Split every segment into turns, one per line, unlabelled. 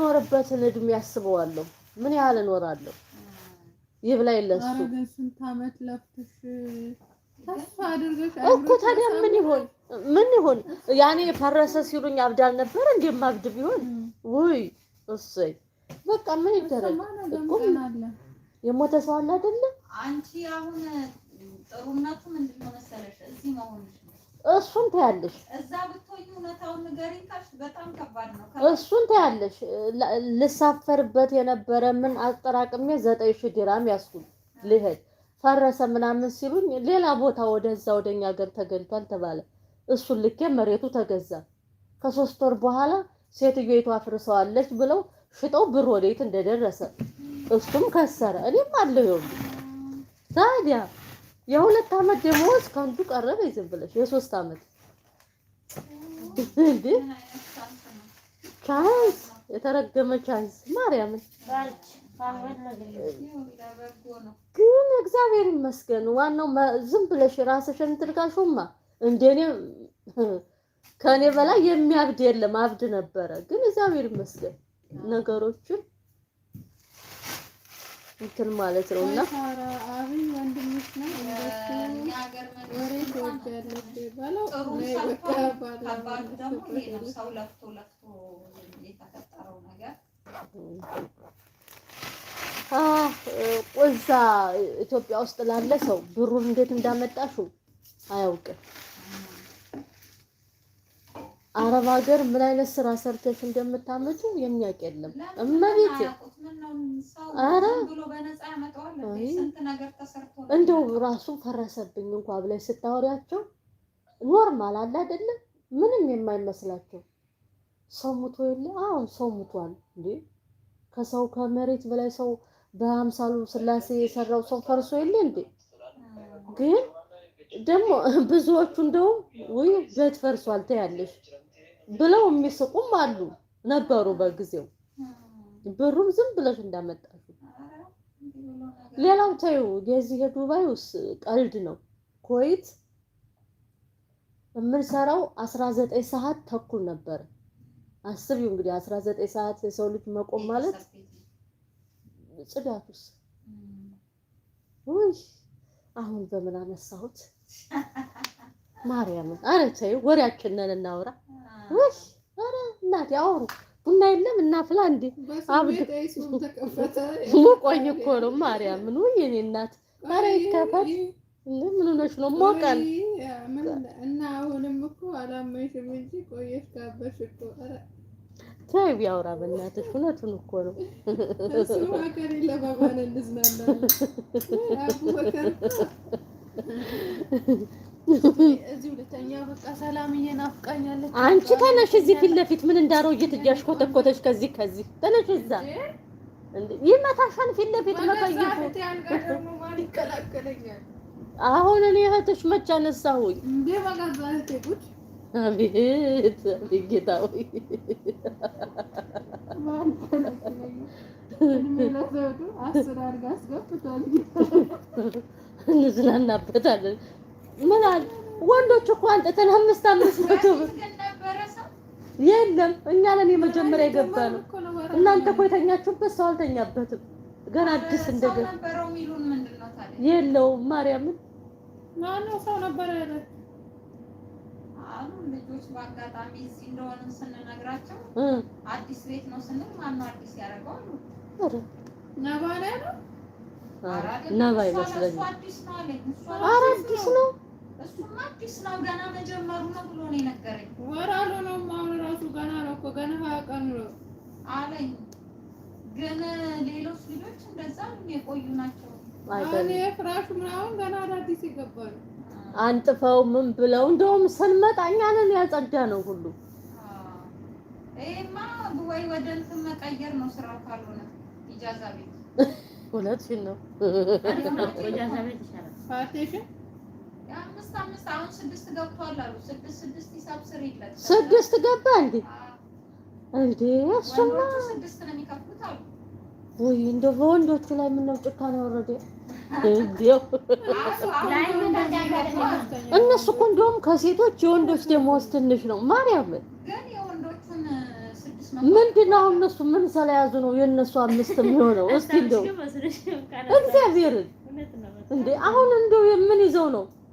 ኖርበትን እድሜ ያስበዋለሁ። ምን ያህል እኖራለሁ? ይብላኝ ለሱ እኮ ታዲያ ምን ይሆን ምን ይሆን? ያኔ ፈረሰ ሲሉኝ አብዳል ነበር እንዴ? ማብድ ቢሆን ውይ እሰይ በቃ ምን ይደረግ እኮ የሞተ ሰው አለ አይደለ?
አንቺ አሁን ጥሩነቱ ምንድን ነው መሰለሽ እዚህ መሆንሽ እሱን ታያለሽ። እዛ ብትሆኚ እውነታውን ንገሪኝ ካልሽ በጣም ከባድ ነው።
እሱን ታያለሽ። ልሳፈርበት የነበረ ምን አጠራቅሜ ዘጠኝ ሺህ ድራም ያስኩኝ ልሄድ ፈረሰ ምናምን ሲሉኝ ሌላ ቦታ ወደዛ ወደኛ ሀገር ተገኝቷል ተባለ። እሱን ልኬ መሬቱ ተገዛ። ከሶስት ወር በኋላ ሴትዮይቱ አፍርሰዋለች ብለው ሽጠው ብር ወዴት እንደደረሰ እሱም ከሰረ እኔም አለው ይኸውልሽ ታዲያ የሁለት አመት ደሞዝ ከአንዱ ቀረበ ይዘን ብለሽ የሶስት አመት እንዴ ቻንስ የተረገመ ቻንስ ማርያምን ግን እግዚአብሔር ይመስገን። ዋናው ዝም ብለሽ ራስሽን እንትን ካልሽውማ እንደኔ ከእኔ በላይ የሚያብድ የለም። አብድ ነበረ ግን እግዚአብሔር ይመስገን ነገሮችን እንትን ማለት ነው እና
ነው ወሬ
ባለው
ሰው እዛ ኢትዮጵያ ውስጥ ላለ ሰው ብሩን እንዴት እንዳመጣሽው አያውቅም። አረብ ሀገር ምን አይነት ስራ ሰርተሽ እንደምታመጡ የሚያውቅ የለም።
እመቤቴ ኧረ
እንደው ራሱ ፈረሰብኝ እንኳ ብለሽ ስታወሪያቸው ኖርማል አለ አይደለም ምንም የማይመስላቸው ሰው ሙቶ የለ አሁን ሰው ሙቷል እንዴ ከሰው ከመሬት በላይ ሰው በአምሳሉ ስላሴ የሰራው ሰው ፈርሶ የለ እንዴ ግን ደግሞ ብዙዎቹ እንደውም ውይ ቤት ፈርሷል ትያለሽ ብለው የሚስቁም አሉ ነበሩ። በጊዜው ብሩም ዝም ብለሽ እንዳመጣሹ። ሌላው ተይው፣ የዚህ የዱባይ ውስጥ ቀልድ ነው። ኮይት የምንሰራው 19 ሰዓት ተኩል ነበር። አስቢው እንግዲህ 19 ሰዓት የሰው ልጅ መቆም ማለት ጽዳቱስ ውይ አሁን በምን አነሳሁት? ማርያምን። አረ ተይው፣ ወሬያችንን እናውራ። ውይ ኧረ እናቴ አውሩ ቡና የለም እና ፍላ እንዴ አብድ ሞቆኝ እኮ ነው ማርያምን። ውይ የኔ እናት ኧረ ይከፈት እንዴ ምን ሆነሽ ነው? ሞቀን
እና አሁንም እኮ አላመንሽም እንጂ ቆየሽ ጋበሽ እኮ ኧረ
ተይ ቢያወራ በእናትሽ እውነቱን እኮ ነው።
እሱ እንዝናናለን
አንቺ ተነሽ፣ እዚህ ፊት ለፊት ምን እንዳሮጅት እጃሽ ኮተኮተሽ። ከዚህ ከዚህ ተነሽ፣ እዛ ይመታሻል። ፊት ለፊት አሁን እኔ እህትሽ መች አነሳሁኝ። አቤት ጌታ ሆይ እንዝናናበታለን። ምን አለ ወንዶች እኮ አንጥተን አምስት አምስት መቶ ብር የለም። እኛ ነን የመጀመሪያ የገባ ነው። እናንተ እኮ የተኛችሁበት ሰው አልተኛበትም። ገና አዲስ እንደገና የለውም። ማርያምን
ማነው ሰው ነበረ ያለ
አሁን ልጆች በአጋጣሚ እዚህ እንደሆነ ስንነግራቸው አዲስ ቤት ነው ስንል ማነው አዲስ ያደረገው አሉ።
ነባ ነው
ነባ ይመስለኛል። ኧረ አዲስ ነው
እሱማ አዲስ ነው ገና መጀመሩ ነው ብሎ ነው የነገረኝ።
ወር ገና ነው እኮ ገና ሀያ ነው
አለኝ። ግን ሌሎች ልጆች እንደዛ የቆዩ ናቸው።
እኔ ምናምን ገና አዳዲስ ይገባሉ።
አንጥፈው ምን ብለው እንደውም ስንመጣ እኛንን ያጸዳ ነው ሁሉ።
ይሄማ ወይ ወደ እንትን መቀየር ነው ስራው ካልሆነ ኢጃዛ ቤት።
እውነትሽን ነው
ኢጃዛ ቤት
ይሻላል።
ስድስት ገባ እንዴ? እንዴ እሱማ ውይ እንደው በወንዶቹ ላይ ምነው ጭካኔ ወረደ? እነሱ እኮ እንደውም ከሴቶች የወንዶች ደሞዝ ትንሽ ነው። ማርያምን ምንድን ነው አሁን እነሱ ምን ስለያዙ ነው የእነሱ አምስት የሚሆነው? እስኪ እንደው እግዚአብሔርን እንዴ አሁን እንደው የምን ይዘው ነው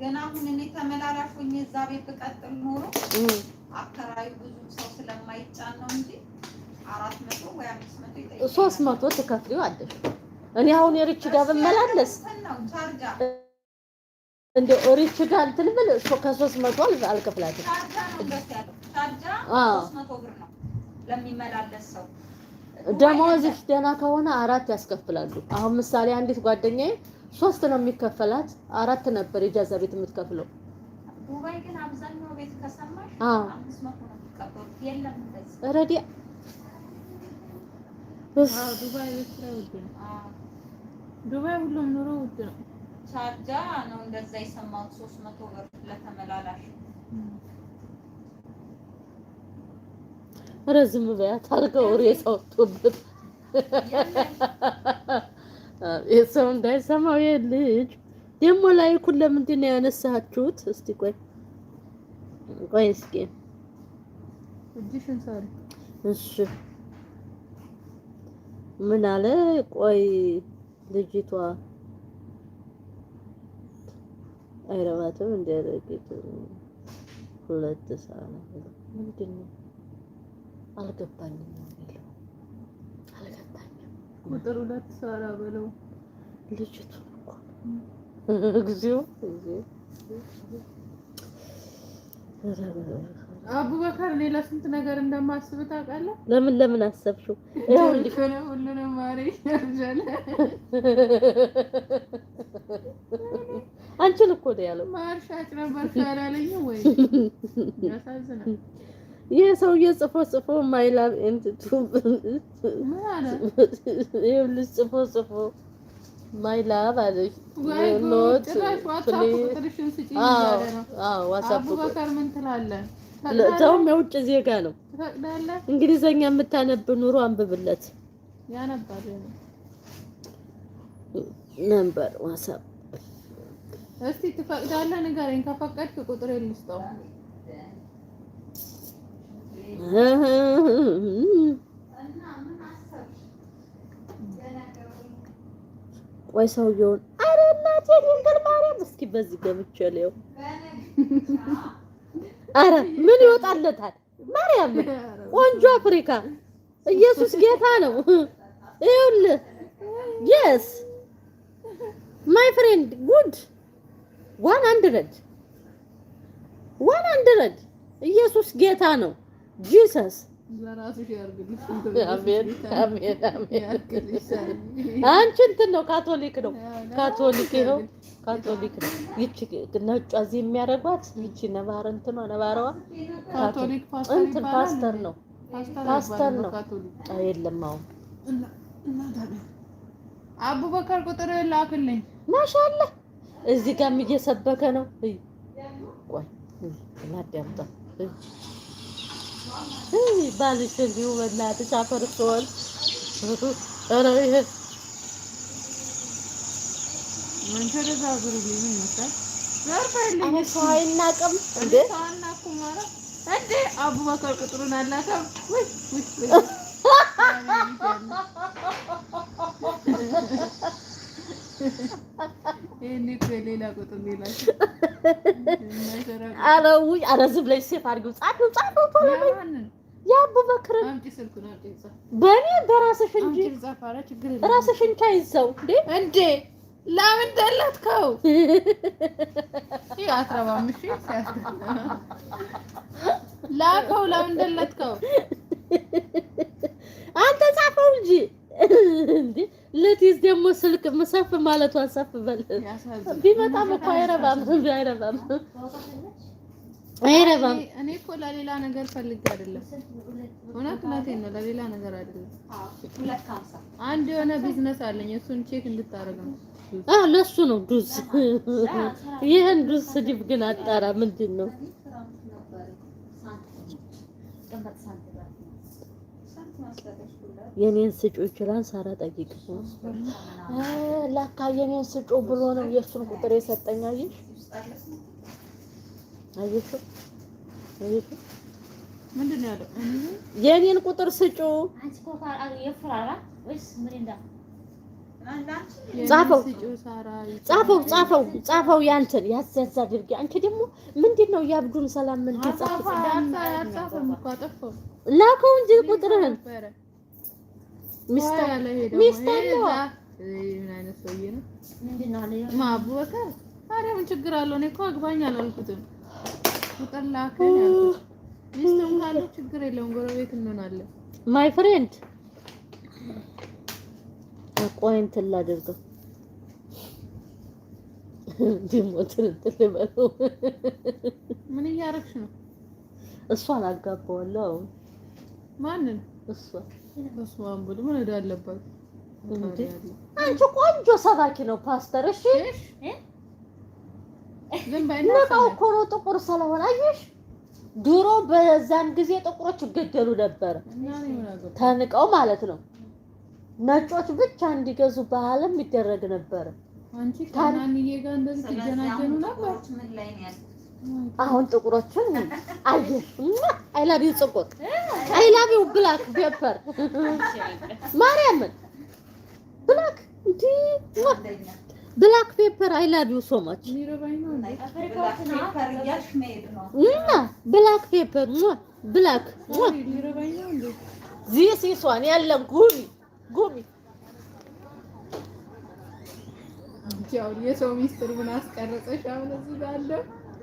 ገና አሁን እኔ ተመላላሾኝ እዛ ቤት ብቀጥል ኖሮ አከራዩ ብዙ ሰው ስለማይጫን ነው እንጂ አራት መቶ ወይ አምስት
መቶ ይጠይቃል። ሶስት መቶ ትከፍሊው አለሽ። እኔ አሁን የሪች ጋር ብመላለስ እንደ ሪች ጋር ትልብል ከሶስት መቶ አልከፍላትም።
ለሚመላለስ ሰው
ደሞዝሽ ደህና ከሆነ አራት ያስከፍላሉ። አሁን ምሳሌ አንዲት ጓደኛዬ ሶስት ነው የሚከፈላት፣ አራት ነበር የጃዛ ቤት የምትከፍለው።
ጉባኤ ግን አብዛኛው ቤት ከሰማሽ
አምስት መቶ ነው የሚቀበሉት። የለም እንደዚህ ኦልሬዲ
ዱባይ ቤት ስራ ውድ ነው። ዱባይ ሁሉም ኑሮ ውድ ነው።
ቻርጃ ነው እንደዛ የሰማሁት ሶስት መቶ ብር ለተመላላሽ።
ኧረ ዝም በያት አልከው ሬሳ ወጥቶበት ሰው እንዳይሰማው ልጅ ደግሞ ላይኩን ለምንድን ነው ያነሳችሁት? እስቲ ቆይ ቆይ እስኪ እሺ ምን አለ? ቆይ ልጅቷ አይረባትም እንደረቂት ሁለት ሰዓት ምንድን ነው አልገባኝም።
ቁጥር ሁለት ሳራ በለው
ልጅቱ እግዚኦ
አቡበከር እኔ ለስንት ነገር እንደማስብ ታውቃለህ?
ለምን ለምን አሰብሽው?
ሁሉንም ማሪ ያርጃለ
አንቺን እኮ ነው ያለው።
ማርሻጭ ነበር ካላለኝ ወይ
ያሳዝናል። ይህ ሰውዬ ጽፎ ጽፎ ማይላም እንትቱ ይኸውልሽ፣ ጽፎ ጽፎ ማይላም አለሽ
ኖት አቡበከር ምን ትላለህ?
ተውም የውጭ ዜጋ ነው። እንግሊዘኛ የምታነብ ኑሮ አንብብለት ነበር። ዋሳብ
እስቲ ትፈቅዳለህ? ንገረኝ። ከፈቀድክ ቁጥር የልስጠው
ቆይ ሰውየውን አረ እናቴ ድንግል ማርያም እስኪ በዚህ ገብቼ ለው ምን ይወጣለታል? ማርያም ቆንጆ አፍሪካ ኢየሱስ ጌታ ነው። ይኸውልህ የስ ማይ ፍሬንድ ጉድ ዋን አንድረድ ዋን አንድረድ ኢየሱስ ጌታ ነው። ጂሰስ አንቺ እንትን ነው ካቶሊክ ነው ካቶሊክ ይኸው ካቶሊክ ነው። ይቺ ነጯ እዚህ የሚያደርጓት ይቺ ነባር እንትኗ ነባረዋ እንትን ፓስተር ነው ፓስተር ነው። የለም አሁን
አቡበከር ቁጥር ላክልኝ።
ማሻአላ እዚህ ጋርም እየሰበከ ነው። ቆይ बारिश से भी उमर ना तो चापर कौन अरे है
मंचरे जागर गेली नसता जर पडली
आणि फॉइन नाकम
म्हणजे फॉइन नाकू मारा अरे अबू बकर कतरून आला का उठ उठ उठ
ኧረ ውይ! ኧረ ዝም ብለሽ ሴፍ አድርጊው። ጻፊው ጻፊው፣ ቶሎ በይ። የአቡበክርን በእኔ በራስሽ እንጂ ራስሽ እንጂ አይዘው
እንዴ! ለምን ደለትከው? ላከው። ለምን ደለትከው?
አንተ ጻፈው እንጂ ለዲስ ደግሞ ስልክ ሰፍ ማለቷን ሰፍ በል ቢመጣም እኮ አይረባም አይረባም አይረባም።
እኔ እኮ ለሌላ ነገር ፈልጌ አይደለም፣ እውነት እውነቴን ነው። ለሌላ ነገር አይደለም። አንድ የሆነ ቢዝነስ አለኝ፣ እሱን ቼክ እንድታረግ ነው።
አዎ ለሱ ነው ዱስ ይሄን ዱስ ስድብ ግን አጣራ ምንድን ነው? የኔን ስጩ ይችላል። ሳራ ጠይቅ ለካ የኔን ስጩ ብሎ ነው የእሱን ቁጥር የሰጠኝ። አየሽ አየሽ አየሽ የኔን ቁጥር ስጩ ጻፈው ጻፈው ጻፈው ጻፈው ያንተን ያዛዝ አድርጌ አንቺ ደግሞ ምንድን ነው የአብዱን ሰላም ምን ላከው እንጂ ቁጥርህን ሚስት ምን
ችግር አለው? እኔ እኮ አግባኝ አላልኩትም። ቁጥር ላከኝ አልኩት። ሚስትም ችግር የለውም፣ ጎረቤት እንሆናለን።
ማይ ፍሬንድ ቆይ እንትን ላድርገው
ምን እያደረግሽ ነው?
እሷን አጋባዋለሁ አሁን
ማንን? እሷ እሷ አንቡድ ምን እንዳለባት
አለባት? አንቺ ቆንጆ ሰባኪ ነው ፓስተር። እሺ ነጣው እኮ ነው ጥቁር ስለሆነ አየሽ። ድሮ በዛን ጊዜ ጥቁሮች ይገደሉ ነበር ተንቀው ማለት ነው። ነጮች ብቻ እንዲገዙ ባህልም ይደረግ ነበር።
አንቺ ከናንዬ ጋር እንደዚህ ትጀናጀኑ ነበር።
አሁን ጥቁሮቹን አየህ፣ አይ ላቭ ዩ ጥቁር፣ አይ ላቭ ዩ ብላክ ፔፐር፣ ማርያምን ብላክ እንዲ ብላክ ፔፐር አይ ላቭ ዩ ሶ ማች እና ብላክ ፔፐር ብላክ ዚስ ኢስ ዋን ያለም ጉሚ ጉሚ
ያው የሰው ሚስጥር ምን አስቀረጸሽ አሁን እዚህ ባለው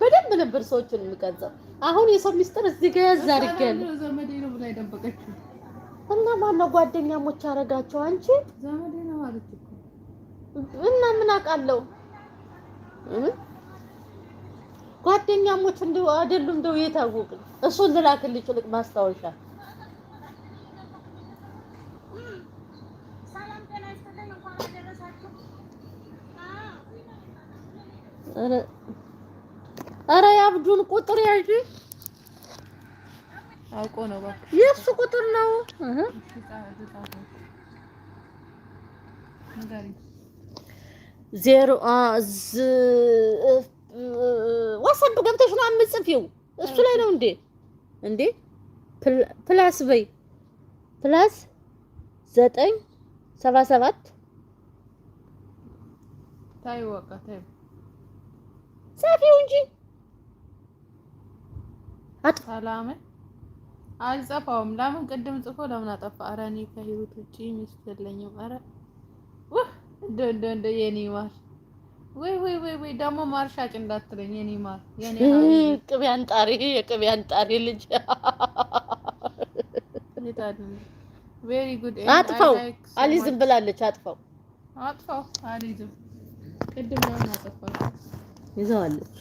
በደንብ ነበር ሰዎችን የሚቀርጸው። አሁን የሰው ሚስጥር እዚህ ጋር ያዝ አድርጊያለሁ። እና ማነው ጓደኛሞች አረጋቸው? አንቺ እና ምን አውቃለሁ ጓደኛሞች እንደው አይደሉም እንደው የታወቅ እሱን ልላክልኝ ጭልቅ ማስታወሻ ሰላም ኧረ የአብዱን ቁጥር ያዥ። አውቆ ነው ባክ፣ የእሱ ቁጥር ነው። ዜሮ ዋትስአፕ ገብተሽ ነው አምጽፊው እሱ ላይ ነው እንዴ? እንዴ ፕላስ በይ ፕላስ ዘጠኝ ሰባ ሰባት ጻፊው እንጂ
ሰላም አይጸፋውም። ለምን ቅድም ጽፎ ለምን አጠፋ? ኧረ እኔ ከህይወት ውጪ ሚስት የለኝም። ኧረ እንደ እንደ እንደ የኔ ማር ወይ ወይ ወይ ወይ ደግሞ ማር ሻጭ እንዳትለኝ የኔ ማር የኔ
ቅቤ አንጣሪ የቅቤ አንጣሪ ልጅ ቬሪ ጉድ አጥፋው። አሊዝም ብላለች። አጥፋው
አጥፋው። አሊዝም ቅድም ለምን አጠፋ?
ይዘዋለች።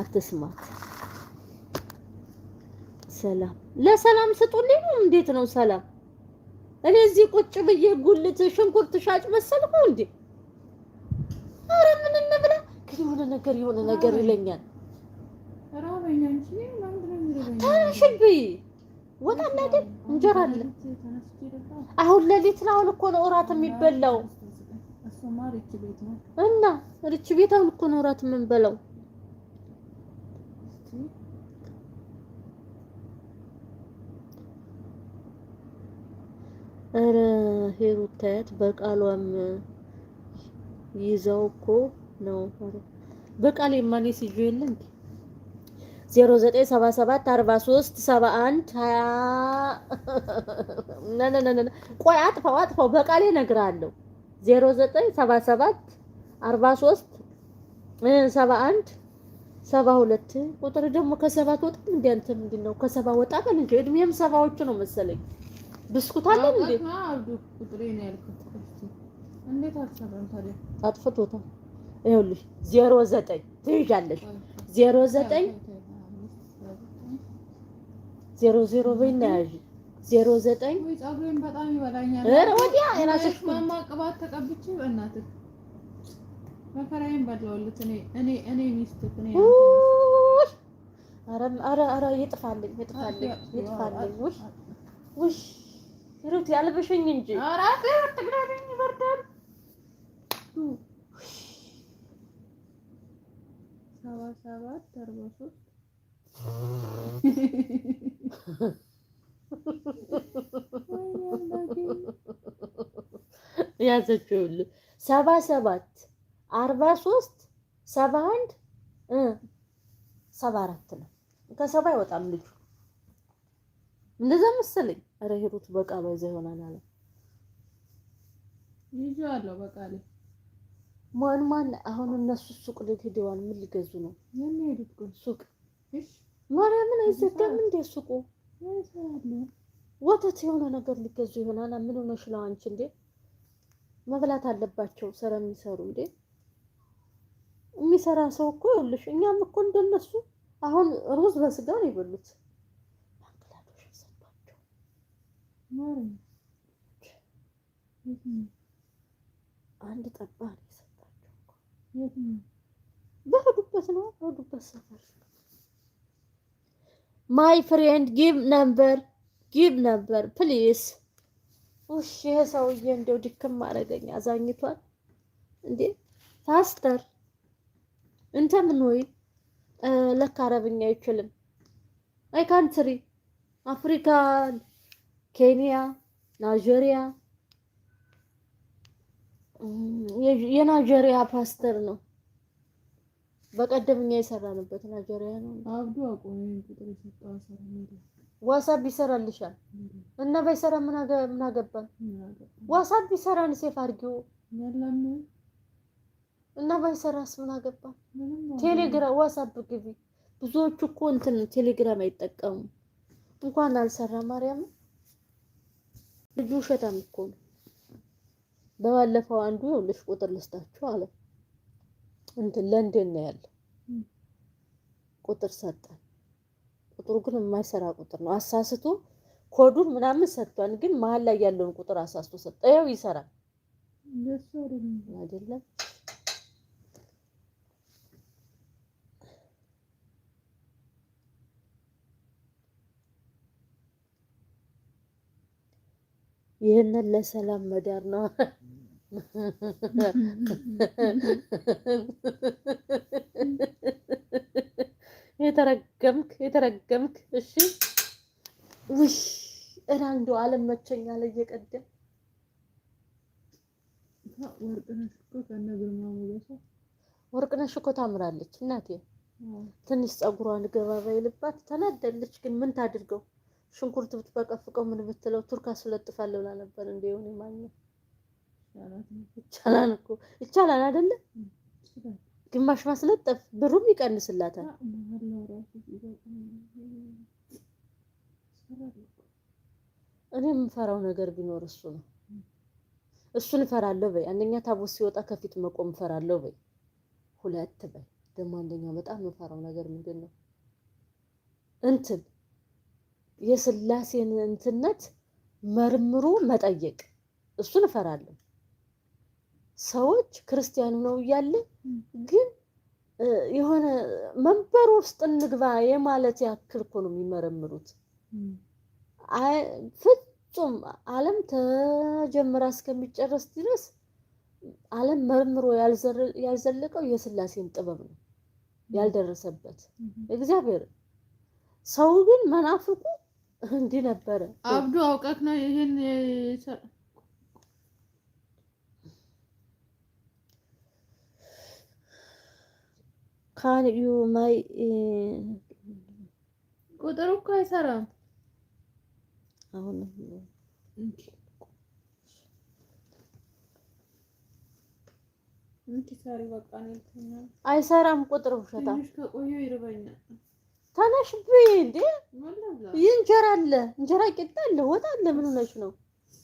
አትስማት ሰላም ለሰላም ስጡልኝ ነው። እንዴት ነው ሰላም? እኔ እዚህ ቁጭ ብዬ ጉልት ሽንኩርት ሻጭ መሰልኩ እንዴ? አረ ምን እንብላ? ግን የሆነ ነገር የሆነ ነገር ይለኛል። ታሽብይ ወጣ እናደል እንጀራ አለ። አሁን ለሊት ነው። አሁን እኮ ነው እራት የሚበላው እና ርች ቤት አሁን እኮ ነው እራት የምንበላው። እረ ሄሩታያት በቃሏም ይዛው እኮ ነው። በቃል የማኔ ሲጁ የለ እንዴ 09774371 ቆይ አጥፋው አጥፋው በቃሌ እነግርሃለሁ 09774371 ሰባ ቁጥር ደግሞ ከሰባ ወጣ እንደ አንተ ምንድን ነው? ከሰባ ወጣ ቀን እንጂ እድሜም ሰባዎቹ ነው መሰለኝ። ብስኩት አለ እንዴ? አጥፍቶታል። ይኸውልሽ ዜሮ ዘጠኝ ትይዣለሽ። ዜሮ ዘጠኝ ዜሮ ዜሮ በይና ያዥ ዜሮ ዘጠኝ ወዲያ
የራስሽ ቅባት ተቀብቼ በእናትህ መከራዬን እኔ እኔ እኔ
ኧረ ኧረ ኧረ ይጥፋልኝ፣ ይጥፋልኝ፣ ይጥፋልኝ። ሩት ያልበሸኝ እንጂ
አራቴ ወጥግራኝ ይበርዳል። ሰባት
ያዘችው ሰባ ሰባት አርባ ሶስት ሰባ አንድ ሰባ አራት ነው። ከሰባ ይወጣል ልጁ እንደዛ መሰለኝ። ኧረ ሂሩት በቃ በዛ ይሆናል አለ
ይዞ አለው በቃ ላይ
ማን ማን አሁን እነሱ ሱቅ ልግደዋል። ምን ሊገዙ ነው
የሚሄዱት? ግን
ሱቅ ማርያምን አይዘጋም እንዴ ሱቁ? ወተት የሆነ ነገር ሊገዙ ይሆናል። ምን ሆነሽ ነው አንቺ? እንዴ መብላት አለባቸው ስራ የሚሰሩ እንዴ። የሚሰራ ሰው እኮ ይኸውልሽ፣ እኛም እኮ እንደነሱ አሁን ሩዝ በስጋ ነው የበሉት። አንድ ጠባ ነው የሰጣቸው በሄዱበት ነው በሄዱበት ሰፈር ማይ ፍሬንድ ጊቭ ነምበር ጊቭ ነምበር ፕሊስ። ውሽ ይሄ ሰውዬ እንደው ድክም አደረገኝ፣ አዛኝቷል። እንዴ ፓስተር እንተ ምን ወይ ለካ አረብኛ አይችልም። አይ ካንትሪ አፍሪካን ኬንያ፣ ናይጄሪያ የናይጄሪያ ፓስተር ነው። በቀደምኛ የሰራንበት ናይጄሪያ ነው። አብዱ አቆይ ቁጥር ዋሳብ ይሰራልሻል እና ባይሰራ ምን አገባን? ዋሳብ ይሰራን ሴፍ አድርጊው እና ባይሰራስ ምን አገባን? ቴሌግራም ዋሳብ ግቢ። ብዙዎቹ እኮ እንትን ቴሌግራም አይጠቀሙም። እንኳን አልሰራ ማርያምን ልጁ ውሸታም እኮ ነው። በባለፈው አንዱ ልጅ ቁጥር ልስታችሁ አለ እንትን ለንደን ነው ያለ ቁጥር ሰጠን። ቁጥሩ ግን የማይሰራ ቁጥር ነው። አሳስቶ ኮዱን ምናምን ሰጥቷን፣ ግን መሀል ላይ ያለውን ቁጥር አሳስቶ ሰጠ። ያው ይሰራል አይደለም ይህንን ለሰላም መዳር ነው። የተረገምክ የተረገምክ። እሺ ውይ እዳ እንዶ መቸኛ ላይ እየቀደም ወርቅነሽ እኮ ታምራለች እናቴ። ትንሽ ጸጉሯን ገባ ባይልባት ተናደለች። ግን ምን ታድርገው? ሽንኩርት ብትበቀፍቀው ምን ብትለው ቱርክ አስለጥፋለሁ ብላ ነበር። እንደሆነ ማግኘት ይቻላል እኮ ይቻላል አይደለ? ግማሽ ማስለጠፍ ብሩም ይቀንስላታል። እኔ የምፈራው ነገር ቢኖር እሱ ነው። እሱን እፈራለሁ በይ። አንደኛ ታቦት ሲወጣ ከፊት መቆም እፈራለሁ በይ። ሁለት በይ ደግሞ አንደኛው በጣም የምፈራው ነገር ምንድን ነው እንትን የስላሴን እንትነት መርምሮ መጠየቅ እሱን እፈራለሁ። ሰዎች ክርስቲያኑ ነው እያለ ግን የሆነ መንበር ውስጥ እንግባ የማለት ያክል እኮ ነው የሚመረምሩት። ፍጹም ዓለም ተጀምራ እስከሚጨረስ ድረስ ዓለም መርምሮ ያልዘለቀው የስላሴን ጥበብ ነው ያልደረሰበት እግዚአብሔር። ሰው ግን መናፍቁ እንዲህ ነበረ።
አብዱ አውቀክ ነው ይሄን
ካን ዩ ማይ
ቁጥሩ እኮ አይሰራም። አሁን
አይሰራም ቁጥሩ ሸታ ትንሽ ከቆየ ይርበኛል። ተነሽ ብዬ እንዴ ይህ እንጀራ አለ እንጀራ ቂጣ አለ ወጥ አለ ምን ሆነሽ ነው